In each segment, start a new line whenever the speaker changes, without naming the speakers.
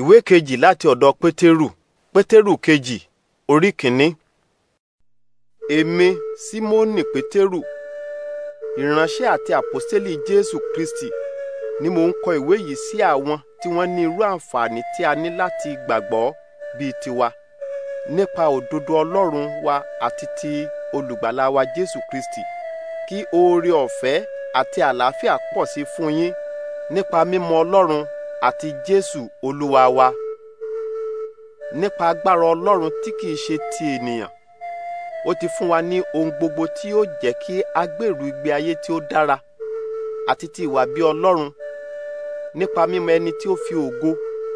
ìwé kejì láti ọ̀dọ̀ pétérù pétérù kejì orí kìíní. èmi símónì pétérù ìránṣẹ́ àti àpọ́sítélì jésù kristi ni mò ń kọ ìwé yìí sí àwọn tí wọ́n ní irú àǹfààní tí a ní láti gbàgbọ́ bíi tiwa nípa òdodo ọlọ́run wa àti ti olùgbàlà wa jésù kristi kí oore ọ̀fẹ́ àti àlàáfíà pọ̀ sí fún yín nípa mímọ̀ ọlọ́run àti Jésù Olúwa wa nípa agbára Ọlọ́run tí kìí ṣe ti ènìyàn ó ti fún wa ní ohun gbogbo tí yóò jẹ́ kí a gbèrú ìgbé ayé tí ó dára àti ti ìwà bí Ọlọ́run nípa mímọ̀ ẹni tí ó fi ògo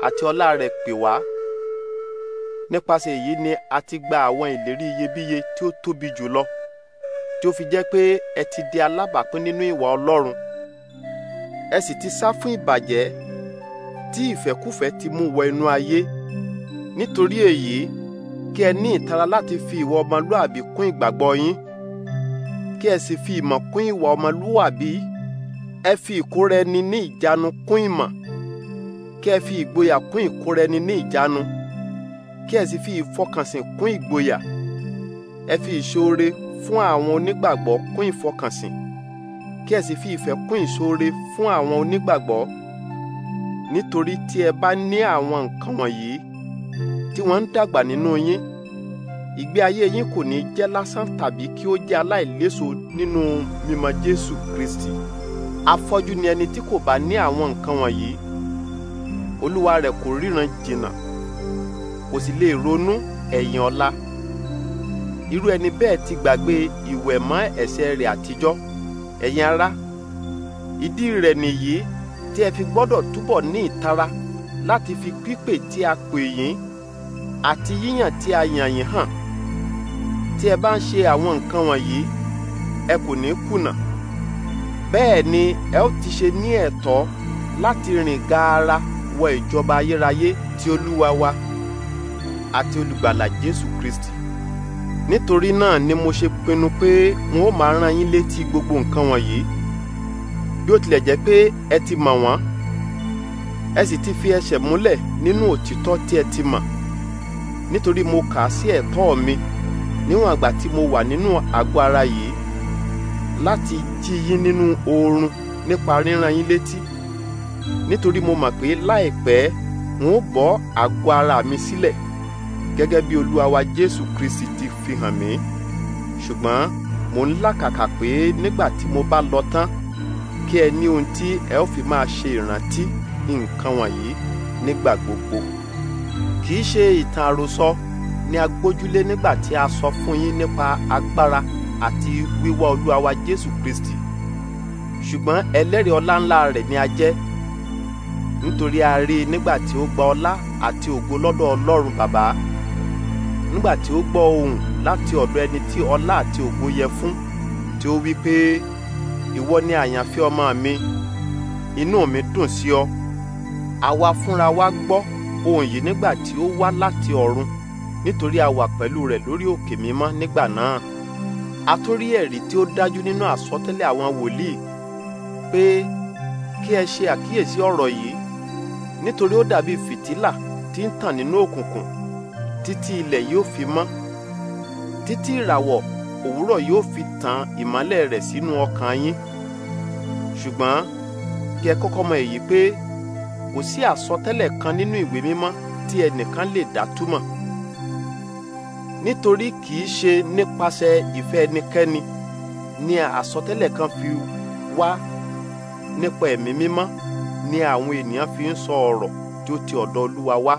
àti ọlá rẹ̀ pè wá nípasẹ̀ èyí ni a ti gba àwọn ìlérí iyebíye tí ó tóbi jùlọ tí ó fi jẹ́ pé ẹ ti di alábàápín nínú ìwà Ọlọ́run ẹ sì ti sá fún ìbàjẹ́ tí ìfẹ́kúfẹ́ ti mú wọ inú ayé nítorí èyí kí ẹ ní ìtara láti fi ìwà ọmọlúàbí kún ìgbàgbọ́ yín kí ẹ sì fi ìmọ̀ kún ìwà ọmọlúàbí ẹ fi ìkóra ẹni ní ìjánu kún ìmọ̀ kí ẹ fi ìgboyà kún ìkóra ẹni ní ìjánu kí ẹ sì fi ìfọkànsìn kún ìgboyà ẹ fi ìṣoore fún àwọn onígbàgbọ́ kún ìfọkànsìn kí ẹ sì fi ìfẹ́ kún ìṣoore fún àwọn onígbàgbọ́ nítorí tí ẹ bá ní àwọn nǹkan wọ̀nyí tí wọ́n ń dàgbà nínú yín ìgbé ayé yín kò ní jẹ́ lásán tàbí kí ó jẹ́ aláìléso nínú mímọ̀ Jésù Kristi afọ́jú ni ẹni tí kò bá ní àwọn nǹkan wọ̀nyí olúwa rẹ̀ kò ríran jìnnà kò sì lè ronú ẹ̀yìn ọ̀la irú ẹni bẹ́ẹ̀ ti gbàgbé ìwẹ̀mọ́ ẹ̀ṣẹ̀ rẹ̀ àtijọ́ ẹ̀yin ará ìdí rẹ̀ nìyí tí ẹ fi gbọ́dọ̀ túbọ̀ ní ìtara láti fi pípè tí a pè yín àti yíyàn tí a yàn yín hàn tí ẹ bá ń ṣe àwọn nǹkan wọ̀nyí ẹ kò ní kùnà bẹ́ẹ̀ ni ẹ ó ti ṣe ní ẹ̀tọ́ láti rìn gaara wọ ìjọba ayérayé tí olúwa wa àti olùgbàlà Jésù Kristi nítorí náà ni mo ṣe pinnu pé n ó máa rán yín létí gbogbo nǹkan wọ̀nyí bí ó tilẹ̀ jẹ́ pé ẹ ti mọ̀ wọ́n ẹ sì ti fi ẹsẹ̀ múlẹ̀ nínú òtítọ́ tí ẹ ti mọ̀ nítorí mo kà á sí ẹ̀tọ́ mi níwọ̀n àgbà tí mo wà nínú àgọ́ ara yìí láti jí yín nínú oorun nípa rírán yín létí nítorí mo mọ̀ pé láìpẹ́ n ó bọ́ àgọ́ ara mi sílẹ̀ gẹ́gẹ́ bí olúwa wa jésù kristi ti fi hàn mí ṣùgbọ́n mo ń làkàkà pé nígbà tí mo bá lọ tán kí ẹ ní ohun tí ẹ ó fi máa ṣe ìrántí nǹkan wọ̀nyí nígbà gbogbo kì í ṣe ìtàn àròsọ ni a gbójúlé nígbà tí a sọ fún yín nípa agbára àti wíwá olúwa wa jésù kristi ṣùgbọ́n ẹlẹ́rìí ọlá ńlá rẹ̀ ni a jẹ́ nítorí a rí i nígbà tí ó gba ọlá àti ògo lọ́dọ̀ ọlọ́run bàbá nígbà tí ó gbọ́ ohùn láti ọ̀dọ̀ ẹni tí ọlá àti ògo yẹ fún tí ó wí pé ìwọ ni àyànfẹ́ ọmọ mi inú mi dùn sí ọ àwa fúnra wa gbọ́ ohùn yìí nígbà tí ó wá láti ọ̀run nítorí a wà pẹ̀lú rẹ̀ lórí òkè mímọ́ nígbà náà a tún rí ẹ̀rí tí ó dájú nínú àsọtẹ́lẹ̀ àwọn wòlíì pé kí ẹ ṣe àkíyèsí ọ̀rọ̀ yìí nítorí ó dàbí fìtílà tí ń tàn nínú òkùnkùn títí ilẹ̀ yóò fi mọ́ títí ìràwọ̀ òwúrọ̀ yóò fi tan ìmọ́lẹ̀ rẹ̀ sínú ọkàn yín ṣùgbọ́n kí ẹ kọ́kọ́ mọ èyí pé kò sí àsọtẹ́lẹ̀ kan nínú ìwé mímọ́ tí ẹnìkan lè dá túmọ̀ nítorí kì í ṣe nípasẹ̀ ìfẹ́ ẹnikẹ́ni ni àsọtẹ́lẹ̀ kan fi wá nípa ẹ̀mí mímọ́ ni àwọn ènìyàn fi ń sọ ọ̀rọ̀ tí ó ti ọ̀dọ̀ Olúwa wá.